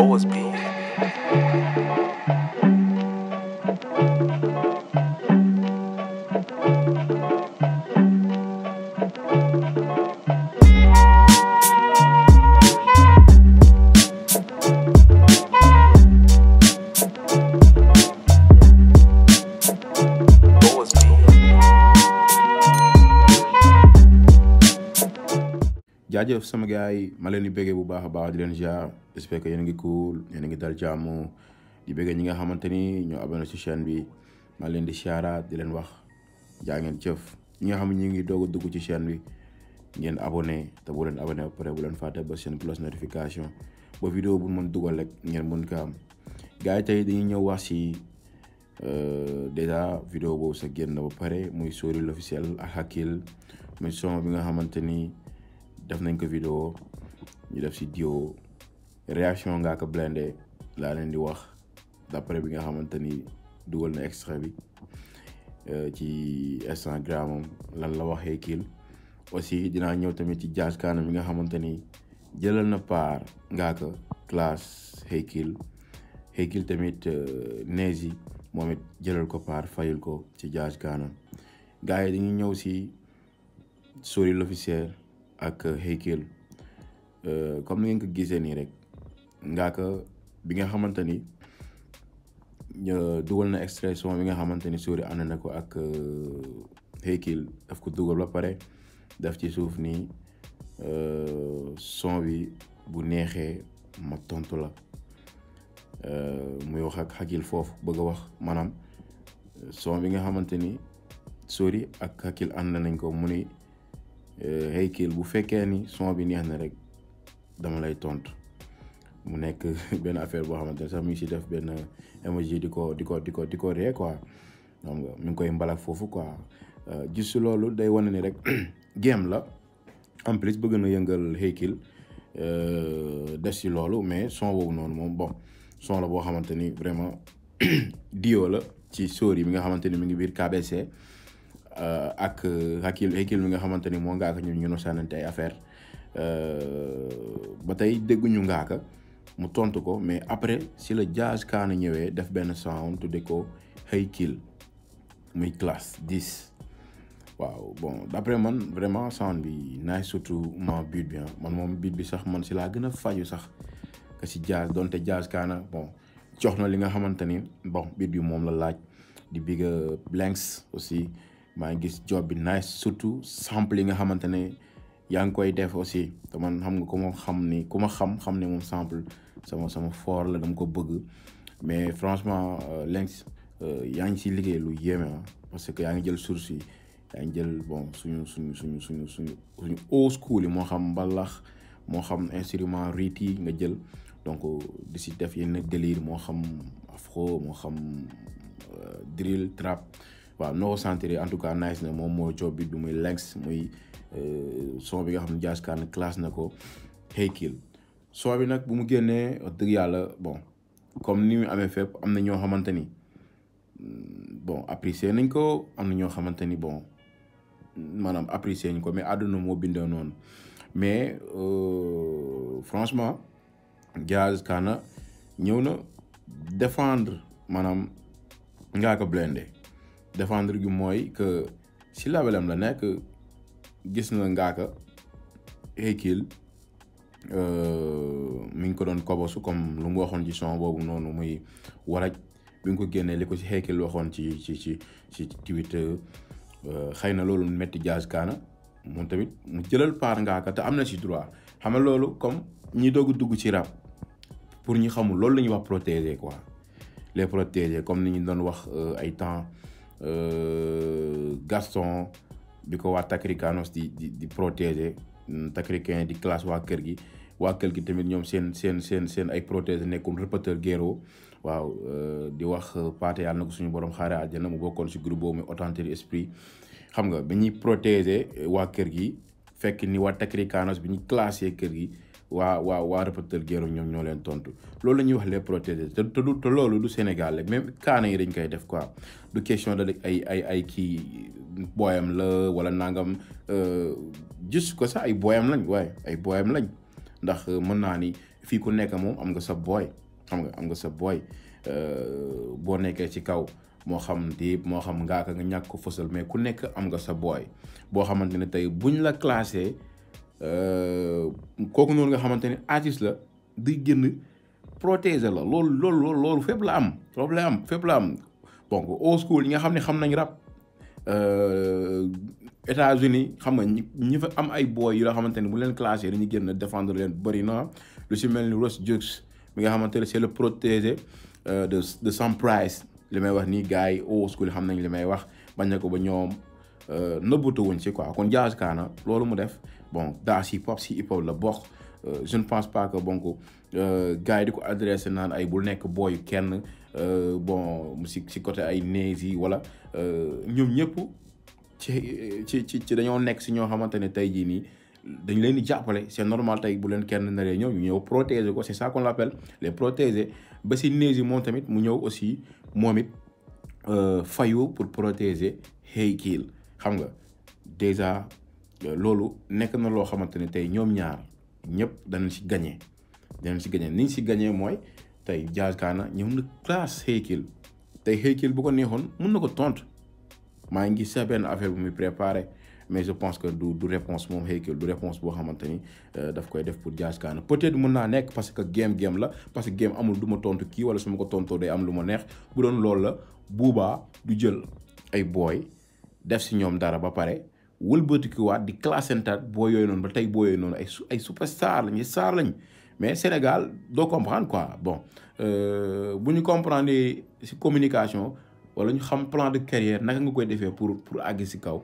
Always be. jaajëf sama gars malen ma leen di béggee bu baax a baax di len jaar j'espère que yéen ngi cool yéen eh, ngi dal jamu di béggee ñi nga xamante ni ñoo abonné ci chaîne bi ma di siyaara di len wax jaa ngeen jëf ñi nga xam ne ñi ngi doog a dugg ci chaîne bi ngeen abonné te bu leen abonné ba bu leen fàtte ba seen cloche notification bo vidéo bu mën dugal rek ngeen mën ko am gars yi tey dañuy ñëw wax si déjà vidéo boobu sa génn ba pare muy Sori l'officiel ak Hakill muy son bi nga xamante def nañ ko vidéo ñu def si dio réaction Ngaaka Blindé laa leen di wax d'après bi nga xamante ni dugal na extrait bi euh, ci Instagram am lan la waxee kiil aussi dinaa ñëw tamit ci Diaz kaanam bi nga xamante ni jëlal na paar Ngaaka classe Hakill Hakill tamit euh, Nezy moom it jëlal ko paar fayul ko ci Diaz kaanam gars yi dañuy ñëw si Sori l'officiel ak Haykel euh, euh, comme ni ngeen ko gisee nii rek Ngaaka bi nga xamante ni euh, dugal na extrait son bi nga xamante ni Sori ànd na ko ak Haykel daf ko dugal ba pare daf ci suuf nii son bi bu neexee ma tontu la muy wax ak Haykel foofu bëgg wax maanaam son bi nga xamante ni Sori ak Haykel ànd nañ ko mu ni Hakill eh, bu fekkee ni son bi neex na rek dama lay tontu mu nekk benn affaire boo xamante ne sax mu ngi si def benn emoji di ko di ko di ko di ko ree quoi xam nga mi ngi koy mbalak foofu quoi euh, gis si loolu day wane ni rek game la en plus bëgg na yëngal Hakill euh, def ci loolu mais son boobu noonu moom bon son la boo xamante ni vraiment dio la ci sóor yi mi nga xamante ni mi ngi biir KBC. Euh, ak Hakil euh, Hakim mi nga xamante ni moo ngaaka ñu no ay affaire euh, ngaaka mu tontu ko mais après si le Jazz Kaana ñëwee def sound bien. ko muy classe 10 bon d'après man vraiment sound bi nice surtout ma beat bien, ah. man moom beat bi sax man si laa gën faju sax que jazz donte Jazz Kaana bon jox na li nga xamante bon beat bi la laaj di big Blanks aussi maa ngi gis job bi nice surtout sample yi nga xamante ne yaa ngi koy def aussi te man xam nga ko ma xam ni ku ma xam ne moom sample sama sama fort la dama ko bëgg mais franchement euh, Lenx euh, yaa ngi si liggéey lu yéeme ah, parce que yaa ngi jël source yi yaa jël bon suñu suñu suñu suñu suñu suñu old moo xam mbalax moo xam instrument riit yi nga jël donc euh, di si def yenn délire moo xam afro moo xam drill trap waaw noo sentir en tout cas nice na moom moo job bit muy Lenx muy euh, son bi nga xam ne Jazz Kan classe na ko Hey Kill bi nag bu mu génnee dëgg yàlla bon comme ni mu amee fépp am na ñoo xamante ni mm, bon apprécier nañ ko am na ñoo xamante ni bon maanaam apprécier nañ ko mais àdduna moo bindoo noonu mais euh, franchement Jazz kaana ñëw na défendre maanaam Ngaaka Blindé défendre gi mooy que si labelam la nekk gis na ngaaka Hakill euh, mi ngi ko doon kobosu comme lu mu waxoon ci son boobu noonu muy waraj bi nga ko génnee li ko ci Hakill waxoon ci ci ci ci Twitter euh, xëy na loolu metti jaas Kana moom tamit mu jëlal paar ngaaka te am na ci droit xam nga loolu comme ñi doog dugg ci rap pour ñi xamul loolu la ñuy wax protéger ko les protéger comme ni ñu doon wax euh, ay temps Euh, Gaston bi ko waa Takrikanos di di di protéger mm, Takrikain di classe waa kër gi waa kër gi tamit ñoom seen seen seen seen ay protéger nekkum reporter Guéro waaw euh, di wax euh, Pathé yàlla na suñu borom xaaree àjjana mu bokkoon si groupe boobu muy authentique esprit xam nga bi ñuy protéger waa kër gi fekk ni waa Takrikanos bi ñuy classé kër gi. waa waa waa reporter guerre ñoom ñoo leen tontu loolu la ñuy wax les protéger te te du te loolu du Sénégal rek même kaana yi dañ koy def quoi du question de ay ay ay kii booyam la wala nangam euh, juste ko sax ay booyam lañ waaye ay booyam lañ ndax euh, mën naa ni fii ku nekk moom am nga sa booy xam nga am nga sa booy euh, boo nekkee ci kaw. moo xam Dip moo xam Ngaaka nga ñàkk ko fësal mais ku nekk am nga sa booy boo xamante ne tey buñ la classé Euh, kooku noonu nga xamante ne artiste la di génn protéger la loolu loolu loolu loolu fépp la am loolu la am fépp la am donc au school yi nga xam ne xam nañ rap euh, États-Unis xam nga ñi fa am ay boy yu la xamante ne bu leen classé ñu génn défendre leen bëri na lu si mel ni Ross Jux mi nga xamante ne c'est le protégé euh, de de Sam li may wax nii gars yi au school xam nañ li may wax bañ na ko ba ñoom. Euh, nëbbatu wuñ ci quoi kon Jazz Cana loolu mu def bon daa si pop si hip hop la bokk euh, je ne pense pas que bonk euh, gars di ko adressé naan ay bul nekk booy kenn bon si si côté ay nees yi wala ñoom ñëpp ci ci ci ci dañoo nekk si ñoo xamante ne tey jii nii dañ leen di jàppale c'est normal tey bu leen kenn naree ñëw ñu ñëw protéger ko c'est ça qu'on l'appelle les protéger ba si nees moom tamit mu ñëw aussi moom it fayu pour protéger kiil xam nga déjà euh, loolu nekk na loo xamante ne tey ñoom ñaar ñëpp danañ si gagné danañ si gagné niñ si gagné mooy tey Diaz Kana ñëw na classe Hakill tey Hakill bu ko neexoon mun na ko tontu maa ngi gis sax benn affaire bu muy préparé mais je pense que du du réponse moom Hakill du réponse boo xamante ni euh, daf koy def pour Diaz Kana peut-être mën naa nekk parce que game game la parce que game amul du ma tontu kii wala suma ko tontoo day am lu ma neex bu doon loolu la buubaa du jël ay booy. def si ñoom dara ba pare wëlbatikuwaat di classentaat boo yooyu noonu ba tey boo yooyu noonu ay su ay superstar lañ ay star lañ mais Sénégal doo comprendre quoi bon euh, bu ñu comprendre si communication wala ñu xam plan de carrière naka nga koy defee pour pour àgg si kaw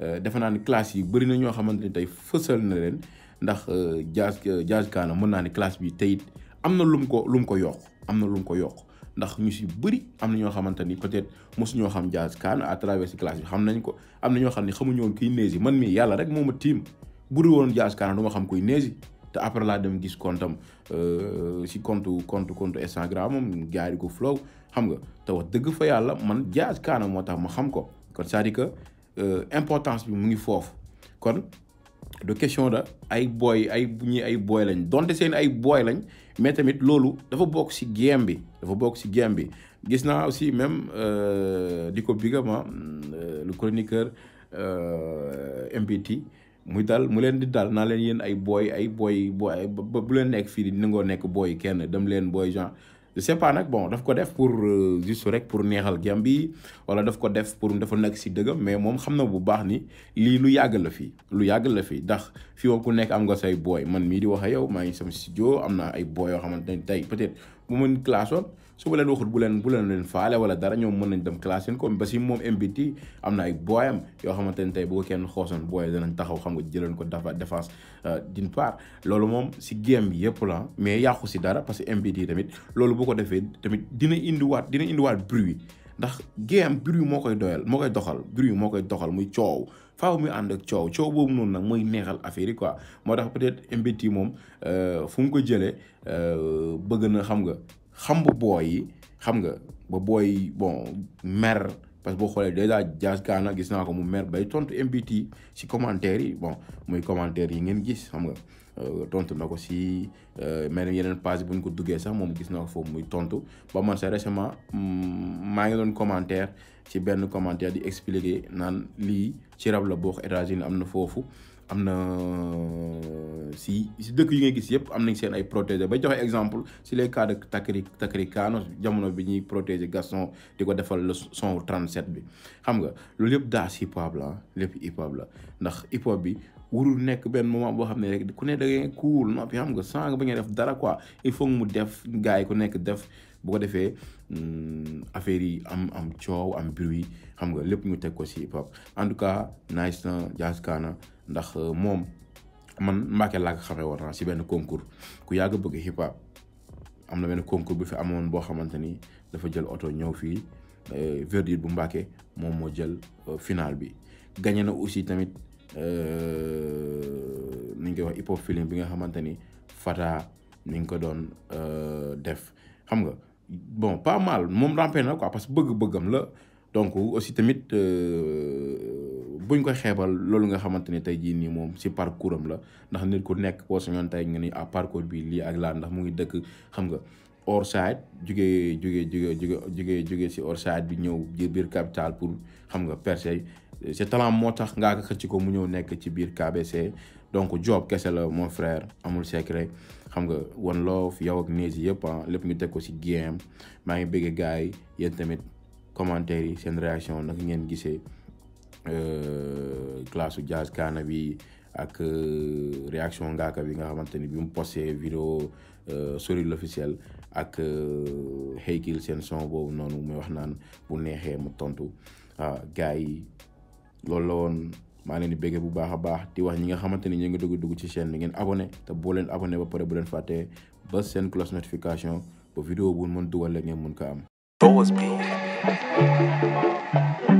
euh, defe naa ni classe yi bëri na ñoo xamante ni tey fësal na leen ndax Diaz Diaz Kana mën naa ni classe bi teyit it am na lu mu ko lu mu ko yokk am na lu mu ko yokk. ndax ñu si bëri am na ñoo xamante ni peut-être mosuñoo xam jazz kaan à travers si classe bi xam nañ ko am na ñoo xam ne xamuñoo woon kuy Nezzy man mii yàlla rek moom a tiim bu dul woon jazz kaan du ma xam kuy Nezzy te après laa dem gis compte am euh, si compte compte compte Instagram am gars yi ko flow xam nga te dëgg fa yàlla man jazz kaan moo tax ma xam ko kon cest à que euh, importance bi mu ngi foofu kon de question da ay booy ay ñi ay booy lañ donte seen ay booy lañ mais tamit loolu dafa bokk si game bi. dafa bokk ci game bi gis naa aussi même euh, di ko bigama ah, euh, le chroniqueur euh, MPT muy dal mu leen di dal naa leen yéen ay booy ay booy booy bu leen nekk fii di nangoo nekk booy kenn dem leen booy genre je nag bon daf ko def pour euh, juste rek pour neexal bi wala daf ko def pour dafa nag si dëggam mais moom xam na bu baax ni lii lu yàgg la fii lu yàgg la fii ndax fii moom ku nekk am nga say booy man mii di wax ak yow maa ngi sama studio am na ay booy yoo xamante ne tey peut-être bu mën classe woon su ma leen waxul bu leen bu leen leen faale wala dara ñoom mën nañ dem classe seen comme ba si moom MBT am na ay booyam yoo xamante ne tey bu ko kenn xoosoon booy danañ taxaw xam nga jëloon ko dafa défense euh, d'une part loolu moom si game yëpp la mais yàqu si dara parce que MBT tamit loolu bu ko defee tamit dina indiwaat dina indiwaat bruit ndax game bruit moo koy doyal moo koy doxal bruit moo koy doxal muy coow faaw muy ànd ak coow coow boobu noonu nag mooy neexal affaire yi quoi moo tax peut-être MBT moom euh, fu mu ko jëlee euh, bëgg na xam nga. xam bu booy yi xam nga ba booy bon mer parce que boo xoolee déjà Diaz Kana gis naa ko mu mer bay tontu MBT si commentaire yi bon muy commentaire yi ngeen gis xam nga euh, tontu na ko si euh, mel yeneen page bu ñu ko duggee sax moom gis naa ko foofu muy tontu ba man sax récemment mm, maa ngi doon commentaire ci benn commentaire di expliquer naan lii ci rab la boo ko États-Unis am na foofu. am na si si dëkk yi ngay gis yëpp am nañ seen ay protégé ba joxe exemple si les cas de Takri Takri Kano jamono bi ñuy protégé Gaston di ko defal le son 37 bi xam nga loolu yëpp daas hip hop la lépp hip la ndax hip hop bi warul nekk benn moment boo xam ne rek ku ne da ngay cool noppi nga sang ba ngay def dara quoi il faut mu def gars yi ku nekk def bu ko defee mm, affaire yi am am coow am bruit xam nga lépp ñu teg ko si hip hop en tout cas nice na jaas kaana ndax euh, moom man Mbacke laa ko xamee woon ah, ci benn concours ku yàgg bëgg hip am na benn concours bu fi amoon boo xamante ni dafa jël oto ñëw fii euh, verdict bu Mbacke moom moo jël euh, final bi. gagné na aussi tamit ni nga wax hip hop bi nga xamante ni Fata ni nga ko doon def xam nga bon pas mal moom rampé na ko parce que bëgg-bëggam la donc aussi tamit. bu buñ ko xeebal loolu nga xamante ni tey jii nii moom si parcours am la ndax nit ku nekk boo sañoon tey nga ni à ah, parcours bi lii ak laa mu ngi dëkk xam nga Orside jugee jugee jugee jugee jugee jugee si Orside bi ñëw biir capital pour xam nga percer sa talent moo tax ngaa ko xëcc ko mu ñëw nekk ci biir KBC donc job kese la mon frère amul secret xam nga One Love yow ak Niiz yëpp ah lépp ñu teg ko si GM maa ngi bëgg gars yi yéen tamit commentaire yi seen réaction naka ngeen gisee. classe euh, jazz kaana bi ak euh, réaction ngaaka bi nga xamante ni bi mu posté vidéo euh, sori l'officiel ak xëykil seen son boobu noonu muy wax naan bu neexee mu tontu waaw ah, gars yi loolu la woon maa leen di béggee bu baax a baax di wax ñi nga xamante ni ñu ngi dugg dugg ci seen bi ngeen abonné te boo leen abonné ba pare bu leen fàttee ba seen cloche notification ba vidéo bu mën dugal ngeen mën ka am